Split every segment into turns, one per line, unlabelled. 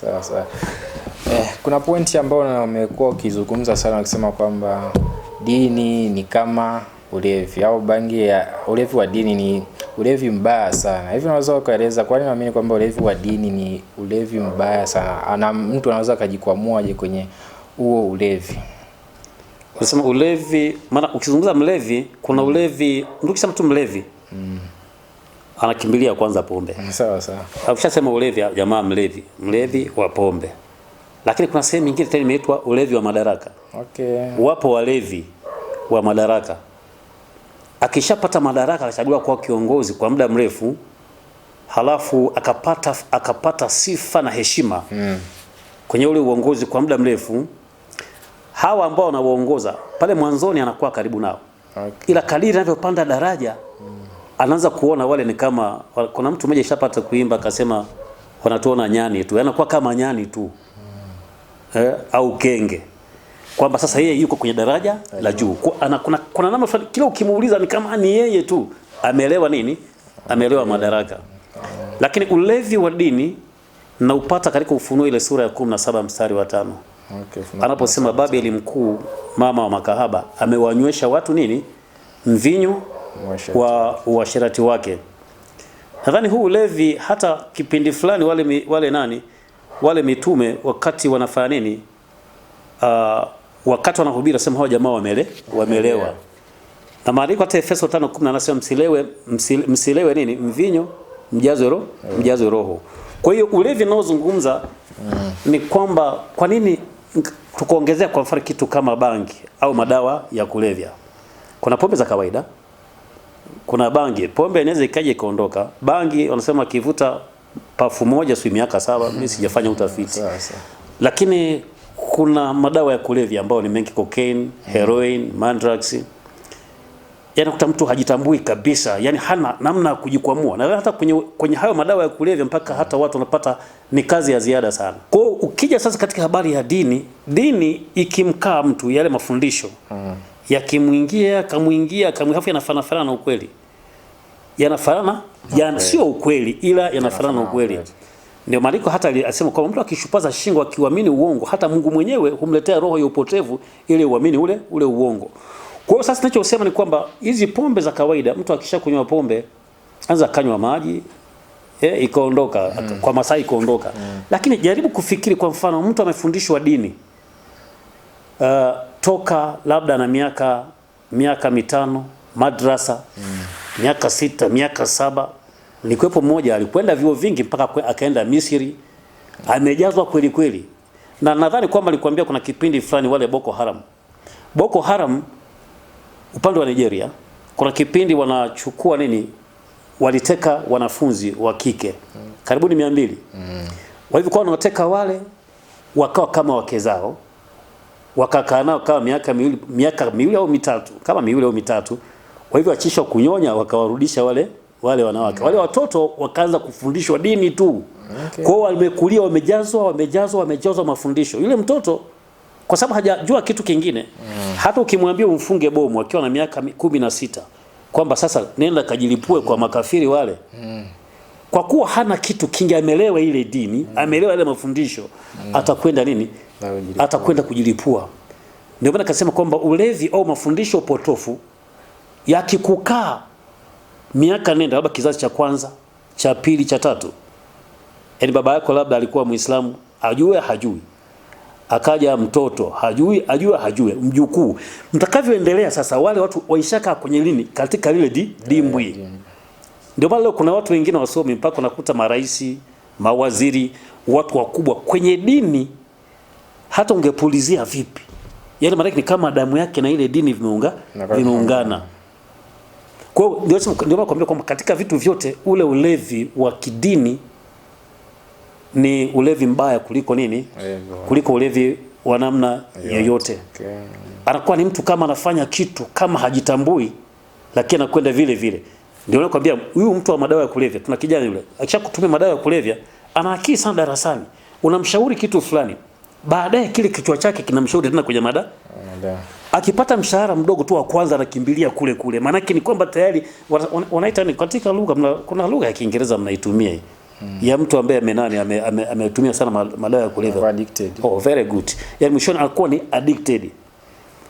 sawa sawa. Eh, kuna pointi ambayo wamekuwa wakizungumza sana wakisema kwamba dini ni kama ulevi au bangi ya ulevi wa dini ni ulevi mbaya sana. Hivi unaweza ukaeleza kwani naamini kwamba ulevi wa dini ni ulevi mbaya sana. Ana mtu anaweza akajikwamuaje kwenye huo ulevi?
Unasema ulevi, maana ukizungumza mlevi kuna mm. ulevi, mtu kisema tu mlevi. Mm anakimbilia kwanza pombe. Ah, sawa sawa. Ukishasema ulevi, jamaa mlevi, mlevi wa pombe. Lakini kuna sehemu nyingine tena imeitwa ulevi wa madaraka. Okay. Wapo walevi wa madaraka. Akishapata madaraka akachaguliwa kuwa kiongozi kwa muda mrefu, halafu akapata akapata sifa na heshima mm. kwenye ule uongozi kwa muda mrefu, hawa ambao wanaoongoza pale mwanzoni anakuwa karibu nao okay. Ila kadiri anavyopanda daraja mm anaanza kuona wale ni kama, kuna mtu mmoja ishapata kuimba akasema wanatuona nyani tu, anakuwa kama nyani tu eh, au kenge, kwamba sasa yeye yuko kwenye daraja Ayu. la juu. Kuna, kuna, kuna namna fulani kila ukimuuliza ni kama ni yeye tu ameelewa nini, ameelewa madaraka. Lakini ulevi wa dini na upata katika Ufunuo ile sura ya 17 mstari wa tano okay, anaposema Babeli mkuu, mama wa makahaba, amewanywesha watu nini, mvinyo wa uasherati wake. Nadhani huu ulevi hata kipindi fulani wale, wale nani wale mitume wakati wanafanya nini uh, wakati wanahubiri sema hao jamaa wamele wamelewa na maandiko hata Efeso 5:10 anasema msilewe msile, msilewe nini mvinyo mjazo roho mjazo roho. Kwa hiyo ulevi naozungumza mm. ni kwamba kwa nini tukuongezea kwa mfano kitu kama bangi au madawa ya kulevya. Kuna pombe za kawaida kuna bangi, pombe inaweza ikaje ikaondoka. Bangi wanasema kivuta pafu moja si miaka saba. Mimi hmm. sijafanya utafiti lakini kuna madawa ya kulevya ambayo ni mengi, cocaine, hmm. heroin, mandrax. Yanakuta mtu hajitambui kabisa, yani hana namna ya kujikwamua, na hata kwenye, kwenye hayo madawa ya kulevya mpaka hata watu wanapata ni kazi ya ziada sana. Kwa ukija sasa katika habari ya dini, dini ikimkaa mtu yale mafundisho mm yakimwingia akamwingia akamhafu, yanafanana na ukweli, yanafanana yana, sio ukweli ila yanafanana na ukweli. Ndio maandiko hata alisema kwamba mtu akishupaza shingo akiamini uongo, hata Mungu mwenyewe humletea roho ya upotevu ili uamini ule ule uongo. Kwa hiyo sasa, ninachosema ni kwamba hizi pombe za kawaida, mtu akishakunywa pombe anza kanywa maji eh, ikaondoka mm. kwa masaa ikaondoka mm. Lakini jaribu kufikiri, kwa mfano mtu amefundishwa dini uh, toka labda na miaka miaka mitano madrasa mm. miaka sita miaka saba nikuwepo mmoja alikwenda vyuo vingi mpaka akaenda Misri, amejazwa kweli kweli, na nadhani kwamba alikwambia kuna kipindi fulani wale Boko Haram, Boko Haram upande wa Nigeria, kuna kipindi wanachukua nini, waliteka wanafunzi wa kike karibuni mia mbili mm. walivyokuwa wanawateka wale wakawa kama wake zao wakakaa nao kama miaka miwili miaka miwili au mitatu kama miwili au mitatu, walivyoachishwa kunyonya wakawarudisha wale wale wanawake wale watoto wakaanza kufundishwa dini tu. Okay. Kwao wamekulia wamejazwa wamejazwa wamejazwa mafundisho. Yule mtoto kwa sababu hajajua kitu kingine mm. Hata ukimwambia umfunge bomu akiwa na miaka kumi na sita kwamba sasa nenda kajilipue kwa makafiri wale mm kwa kuwa hana kitu kingi, amelewa ile dini, mm. amelewa ile mafundisho, mm. atakwenda nini? Atakwenda kujilipua. Ndio maana akasema kwamba ulevi au mafundisho potofu yakikukaa miaka nenda, labda kizazi cha kwanza, cha pili, cha tatu, yani baba yako labda alikuwa Muislamu, ajue hajui, akaja mtoto hajui, ajue hajue, mjukuu, mtakavyoendelea sasa, wale watu waishaka kwenye lini, katika lile di, dimbwi eh, ndio maana leo kuna watu wengine wasomi mpaka unakuta marais, mawaziri, watu wakubwa kwenye dini, hata ungepulizia vipi, yale yaani maana ni kama damu yake na ile dini vimeunga vimeungana. Kwa hiyo ndio maana nakwambia kwamba katika vitu vyote ule ulevi wa kidini ni ulevi mbaya kuliko nini? Kuliko ulevi wa namna yoyote. Okay. Anakuwa ni mtu kama anafanya kitu kama hajitambui, lakini anakwenda vile vile. Ndio nakwambia huyu mtu wa madawa ya kulevya, tuna kijana yule kutumia madawa ya kulevya ana akili sana darasani, unamshauri kitu fulani, baadaye kile kichwa chake kinamshauri tena kwenye madawa. Akipata mshahara mdogo tu wa kwanza anakimbilia kule kule, maanake ni kwamba tayari wanaita ni katika lugha, kuna lugha ya Kiingereza mnaitumia hii Hmm. ya mtu ambaye amenani ametumia ame, ame sana madawa ya kulevya addicted. Oh, very good. Yani mwishoni alikuwa ni addicted.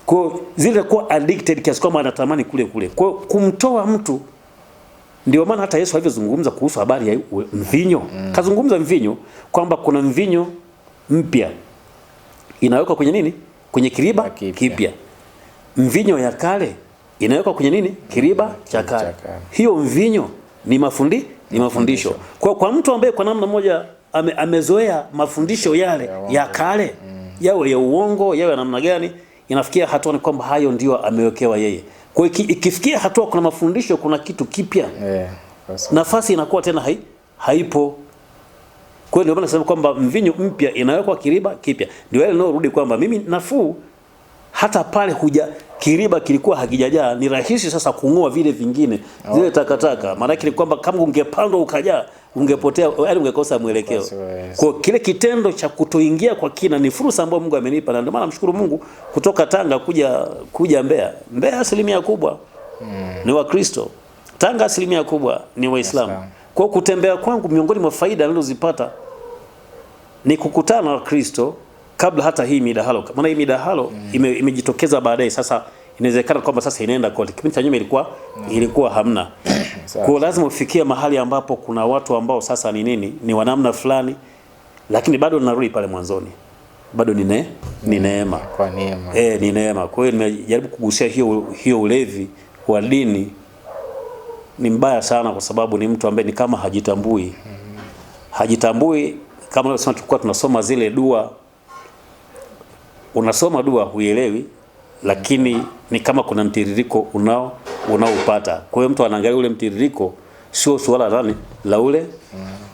Kwa zile kuwa addicted kiasi kwamba anatamani kule kule. Kwa kumtoa mtu ndio maana hata Yesu alivyozungumza kuhusu habari ya mvinyo mm. kazungumza mvinyo kwamba kuna mvinyo mpya inawekwa kwenye nini? Kwenye kiriba kipya. Mvinyo ya kale inawekwa kwenye nini? Kiriba mm, cha kale. Hiyo mvinyo ni mafundi ni mafundisho. Kwa, kwa mtu ambaye kwa namna moja ame, amezoea mafundisho yale ya, ya kale mm. yawe ya uongo yawe ya namna gani, inafikia hatua ni kwamba hayo ndio amewekewa yeye. Kwa ikifikia hatua kuna mafundisho, kuna kitu kipya yeah, nafasi inakuwa tena hai, haipo. Kwa hiyo nasema kwamba mvinyo mpya inawekwa kiriba kipya, ndio ile inayorudi kwamba mimi nafuu hata pale huja kiriba kilikuwa hakijajaa, ni rahisi sasa kung'oa vile vingine oh, zile takataka. Maana yake ni kwamba kama ungepandwa ukajaa, ungepotea yaani, ungekosa mwelekeo. Kwa kile kitendo cha kutoingia kwa kina ni fursa ambayo Mungu amenipa, na ndio maana namshukuru Mungu kutoka Tanga kuja kuja Mbeya. Mbeya asilimia kubwa mm, ni Wakristo, Tanga asilimia kubwa ni Waislamu. Yes, kwa kutembea kwangu, miongoni mwa faida nilizozipata ni kukutana na Wakristo kabla hata hii midahalo, maana hii midahalo mm. imejitokeza ime baadaye. Sasa inawezekana kwamba sasa inaenda koti, kipindi cha nyuma ilikuwa mm. ilikuwa hamna kwa lazima ufikie mahali ambapo kuna watu ambao sasa ni nini, ni wanamna fulani, lakini bado ninarudi pale mwanzoni, bado ni ne ni mm. neema
kwa neema
eh, ni neema. Kwa hiyo nimejaribu kugusia hiyo hiyo, ulevi wa dini ni mbaya sana, kwa sababu ni mtu ambaye ni kama hajitambui, mm. hajitambui kama leo sema, tulikuwa tunasoma zile dua unasoma dua huielewi, lakini ni kama kuna mtiririko unao unaoupata. Kwa hiyo mtu anaangalia ule mtiririko, sio suala nani la ule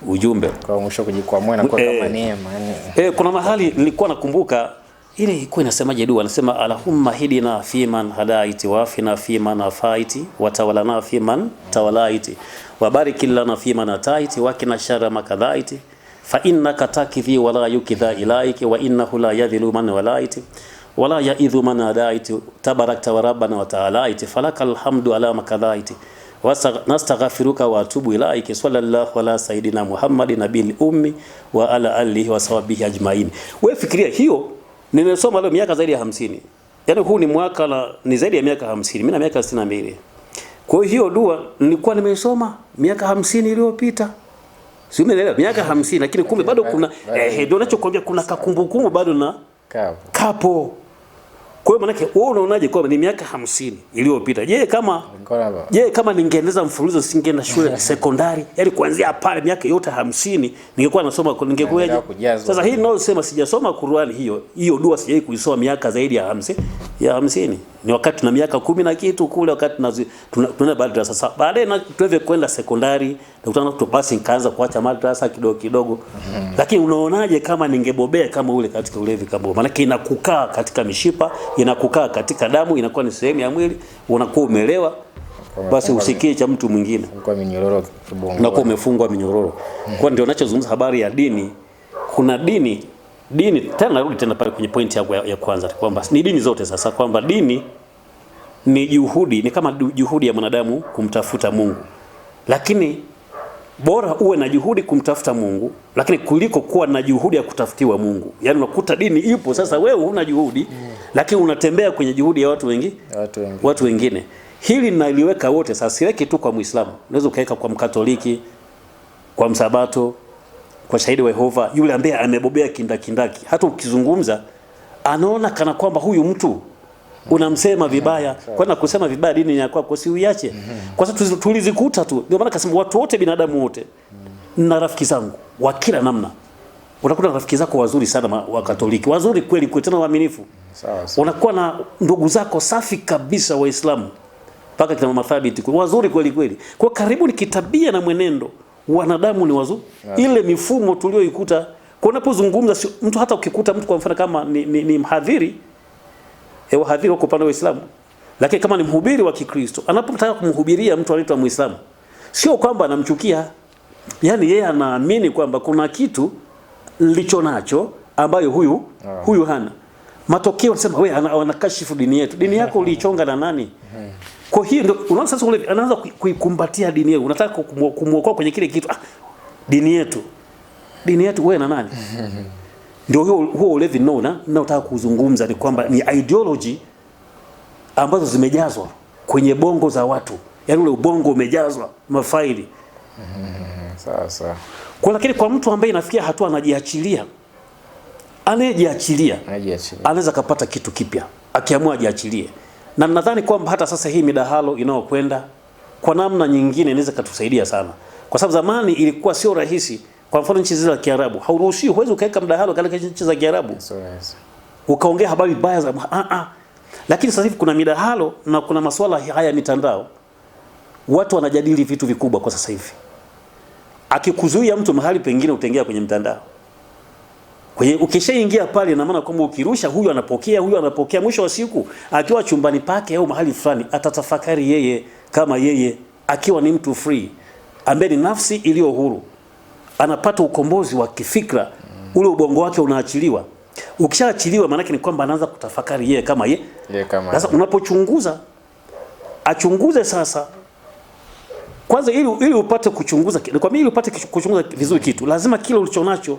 ujumbe.
Kwa mwisho kujikwamua na kwa eh, kama neema.
Eh, kuna mahali nilikuwa nakumbuka ile ilikuwa inasemaje dua? Anasema Allahumma hidina fiman hadaiti wa fiman afaiti wa fiman tawalaiti wa lana fiman ataiti wa kina shara makadhaiti fa innaka takidhi wala yukidha ilaiki wa innahu la yadhilu man walaiti wala yaidhu man adaiti tabarakta wa rabbana wa taalaiti falakal hamdu ala makadhaiti nastaghfiruka wa atubu ilaiki sallallahu ala sayidina Muhammadin nabil ummi wa ala alihi wa sahbihi ajmain. We fikiria hiyo, nimesoma leo miaka zaidi ya hamsini. yani huu ni mwaka la, ni zaidi ya miaka hamsini. Mimi na miaka 62. Kwa hiyo dua nilikuwa nimesoma miaka hamsini iliyopita. Si umeelewa? Miaka 50 lakini kumbe bado kuna eh, ndio ninachokuambia kuna kakumbukumbu bado na kapo. Kapo. Kwa hiyo manake wewe unaonaje kwamba ni miaka 50 iliyopita. Je, kama je, kama ningeendeleza mfululizo singeenda shule ya sekondari, yaani kuanzia pale miaka yote 50 ningekuwa nasoma ningekuwaje? Sasa hii ninayosema sijasoma Qur'ani hiyo, hiyo dua sijai kuisoma miaka zaidi ya 50 ya 50 ni wakati tuna miaka kumi na kitu kule, wakati tunaenda madrasa sasa, baadaye tuweze kwenda sekondari nakutana tu basi, nikaanza kuacha madrasa kidogo kidogo. mm -hmm. Lakini unaonaje kama ningebobea kama ule katika ulevi kama Maanake inakukaa katika mishipa, inakukaa katika damu, inakuwa ni sehemu ya mwili, unakuwa umelewa basi usikie cha mtu mwingine, unakuwa umefungwa minyororo. Kwa ndio nachozungumza habari ya dini, kuna dini dini tena, narudi tena pale kwenye pointi ya, ya kwanza kwamba ni dini zote sasa, kwamba dini ni juhudi, ni kama juhudi ya mwanadamu kumtafuta Mungu, lakini bora uwe na juhudi kumtafuta Mungu, lakini kuliko kuwa na juhudi ya kutafutiwa Mungu. Yaani unakuta dini ipo sasa, wewe huna juhudi mm, lakini unatembea kwenye juhudi ya watu wengi, watu wengine, watu wengine. Hili naliweka wote sasa, siweki tu kwa Muislamu, unaweza ukaweka kwa Mkatoliki, kwa Msabato kwa shahidi wa Yehova yule ambaye amebobea kindakindaki, hata ukizungumza anaona kana kwamba huyu mtu unamsema vibaya, mm-hmm. kwa na kusema vibaya dini ya kwako si uiache. Mm-hmm. Kwa sababu tulizikuta tu, ndio maana kasema watu wote, binadamu wote mm-hmm. na rafiki zangu wa kila namna unakuta rafiki zako wazuri sana wa Katoliki wazuri kweli kweli, tena waaminifu. Sawa unakuwa na ndugu zako safi kabisa Waislamu mpaka kina mama thabiti, wazuri kweli kweli, kwa karibu ni kitabia na mwenendo wanadamu ni wazuri yeah. Ile mifumo tulioikuta kwa unapozungumza, mtu, hata ukikuta mtu kwa mfano kama ni, ni, ni mhadhiri e, wahadhiri wako upande wa Uislamu, lakini kama ni mhubiri wa Kikristo anapotaka kumhubiria mtu anaitwa Muislamu, sio kwamba anamchukia, yani yeye anaamini kwamba kuna kitu licho nacho ambayo huyu huyu hana matokeo. Anasema wewe anakashifu dini yetu. Dini yako uliichonga na nani? Mm-hmm. Kwa hiyo ndio unaona sasa ule anaanza kuikumbatia dini yake, Unataka kumuokoa kwenye kile kitu. Ah, dini yetu. Dini yetu wewe na nani? Ndio huo huo ulevi naona naotaka kuzungumza ni kwamba ni ideology ambazo zimejazwa kwenye bongo za watu. Yaani ule ubongo umejazwa mafaili. Sasa. Kwa lakini kwa mtu ambaye inafikia hatua anajiachilia anayejiachilia anaweza kapata kitu kipya akiamua ajiachilie na nadhani kwamba hata sasa hii midahalo inayokwenda kwa namna nyingine inaweza katusaidia sana, kwa sababu zamani ilikuwa sio rahisi. Kwa mfano nchi zile za Kiarabu hauruhusiwi, huwezi ukaweka mdahalo katika nchi za Kiarabu ukaongea habari mbaya za a ah, a, ah, ah. lakini sasa hivi kuna midahalo na kuna masuala haya ya mitandao, watu wanajadili vitu vikubwa kwa sasa hivi. Akikuzuia mtu mahali pengine, utaingia kwenye mtandao. Kwa hiyo ukishaingia pale, ina maana kwamba ukirusha, huyu anapokea, huyu anapokea, mwisho wa siku akiwa chumbani pake au mahali fulani, atatafakari yeye kama yeye akiwa ni mtu free ambaye ni nafsi iliyo huru, anapata ukombozi wa kifikra, ule ubongo wake unaachiliwa. Ukishaachiliwa maanake ni kwamba anaanza kutafakari yeye kama yeye. Sasa unapochunguza, achunguze sasa kwanza, ili ili upate kuchunguza, kwa mimi ili upate kuchunguza vizuri kitu, lazima kile ulichonacho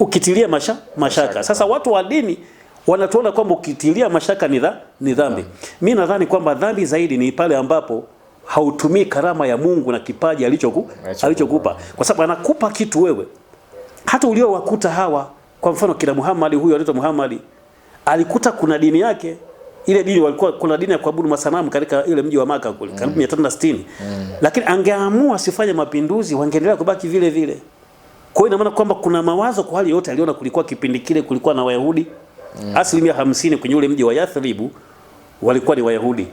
ukitilia masha, mashaka. Mashaka. Sasa watu wa dini wanatuona kwamba ukitilia mashaka ni dha, ni dhambi. mi nadhani kwamba dhambi zaidi ni pale ambapo hautumii karama ya Mungu na kipaji alichokupa alichoku, alichokupa kwa sababu anakupa kitu wewe hata uliowakuta hawa kwa mfano kila Muhammad huyu anaitwa Muhammad alikuta kuna dini yake ile dini walikuwa kuna dini ya kuabudu masanamu katika ile mji wa Maka kule mm. karibu 360 mm. mm. Lakini angeamua sifanye mapinduzi, wangeendelea kubaki vile vile. Kwa hiyo ina maana kwamba kuna mawazo kwa hali yote aliona, kulikuwa kipindi kile kulikuwa na Wayahudi mm. asilimia hamsini kwenye ule mji wa Yathribu walikuwa ni Wayahudi,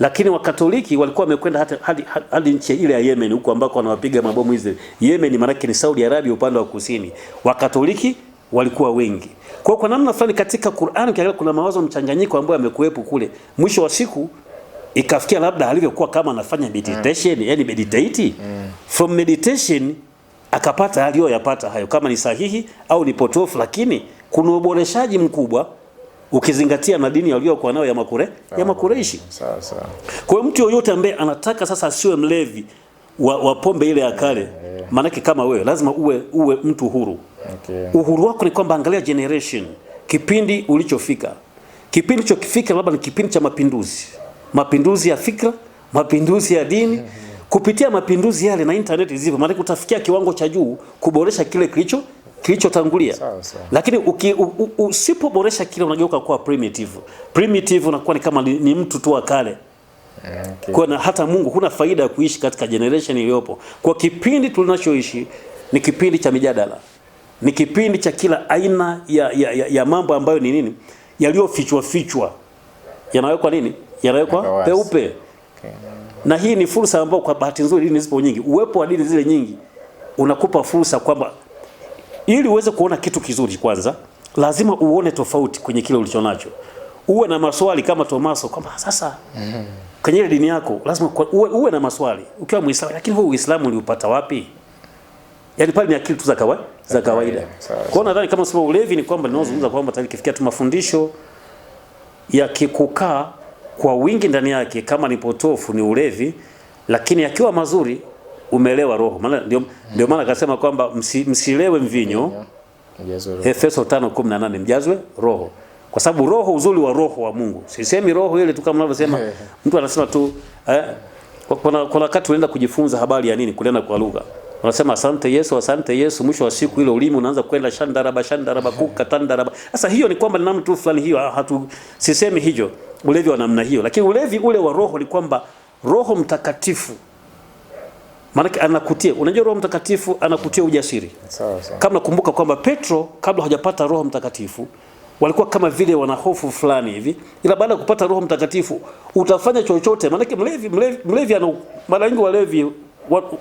lakini Wakatoliki walikuwa wamekwenda hata hadi, hadi nchi ile ya Yemen huko ambako wanawapiga mabomu hizo. Yemen maana ni Saudi Arabia upande wa kusini, Wakatoliki walikuwa wengi. Kwa kwa namna fulani katika Qur'an ukiangalia kuna mawazo mchanganyiko ambayo yamekuwepo kule. Mwisho wa siku ikafikia labda alivyokuwa kama anafanya meditation, mm. yani meditate mm. from meditation akapata aliyoyapata hayo, kama ni sahihi au ni potofu, lakini kuna uboreshaji mkubwa ukizingatia na dini aliyokuwa nayo ya makure ya Makureishi. Kwa hiyo mtu yoyote ambaye anataka sasa asiwe mlevi wa, wa pombe ile ya kale yeah. Eh. Maanake kama wewe lazima uwe uwe mtu huru okay. Uhuru wako ni kwamba angalia generation, kipindi ulichofika, kipindi chokifika labda ni kipindi cha mapinduzi, mapinduzi ya fikra, mapinduzi ya dini kupitia mapinduzi yale na internet zipo, maana utafikia kiwango cha juu kuboresha kile kilicho kilichotangulia. Lakini usipoboresha kile unageuka kuwa primitive. Primitive unakuwa ni kama ni, ni mtu tu wa kale. Eh, okay. Kwa na hata Mungu kuna faida ya kuishi katika generation iliyopo. Kwa kipindi tulinachoishi ni kipindi cha mijadala. Ni kipindi cha kila aina ya, ya, ya, ya mambo ambayo ni nini? Yaliyofichwa fichwa. Yanawekwa nini? Yanawekwa peupe. Okay na hii ni fursa ambayo kwa bahati nzuri dini zipo nyingi. Uwepo wa dini zile nyingi unakupa fursa kwamba ili uweze kuona kitu kizuri, kwanza lazima uone tofauti kwenye kile ulichonacho, uwe na maswali kama Tomaso kwamba sasa mm-hmm. kwenye ile dini yako lazima uwe, uwe na maswali ukiwa Muislamu, lakini huu Uislamu uliupata wapi? Yaani pale ni akili tu za kawaida za kawaida. Kwa hiyo nadhani kama sema ulevi ni kwamba ninazungumza kwamba tayari kifikia tu mafundisho ya kikukaa kwa wingi ndani yake, kama ni potofu ni ulevi, lakini akiwa mazuri umelewa roho. Maana ndio ndio maana akasema kwamba msi, msilewe mvinyo Efeso 5:18 mjazwe roho, kwa sababu roho, uzuri wa roho wa Mungu. Sisemi roho ile tu kama unavyosema mtu anasema tu eh, kuna kuna wakati unaenda kujifunza habari ya nini kulenda kwa lugha Unasema asante Yesu, asante Yesu. Mwisho wa siku ile ulimi unaanza kwenda shandaraba shandaraba kuka tandaraba. Sasa hiyo ni kwamba ni namna tu fulani hiyo, ah, hatu sisemi hiyo ulevi wa namna hiyo, lakini ulevi ule wa roho ni kwamba Roho Mtakatifu maanake anakutia. Unajua, Roho Mtakatifu anakutia ujasiri. Sawa sawa. Kama nakumbuka kwamba Petro kabla hajapata Roho Mtakatifu walikuwa kama vile wana hofu fulani hivi, ila baada ya kupata Roho Mtakatifu utafanya chochote, maanake mlevi, mlevi, mlevi ana mara nyingi walevi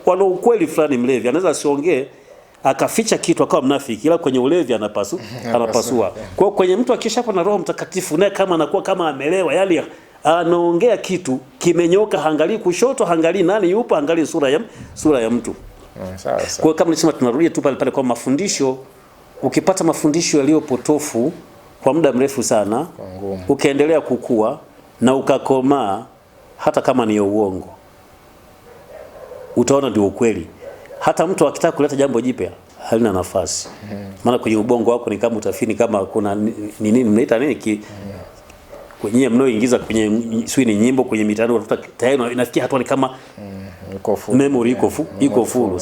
wana ukweli fulani. Mlevi anaweza asiongee akaficha kitu akawa mnafiki, ila kwenye ulevi anapasu, anapasua. Kwa kwenye mtu akishapo na Roho Mtakatifu, naye kama anakuwa kama amelewa, yale yaani anaongea kitu kimenyoka, hangalii kushoto, hangalii nani yupo, hangalii sura ya, sura ya mtu. Eh, kwa kama nilisema, tunarudia tu pale pale kwa mafundisho. Ukipata mafundisho yaliyopotofu kwa muda mrefu sana, ukaendelea kukua na ukakomaa, hata kama ni uongo, utaona ndio ukweli hata mtu akitaka kuleta jambo jipya halina nafasi. Hmm. Maana kwenye ubongo wako ni kama utafini kama kuna nini mnaita nini ki hmm. kwenye mnaoingiza kwenye sio ni nyimbo kwenye mitandao tayari inafikia hatua ni kama hmm. memory iko fu iko full.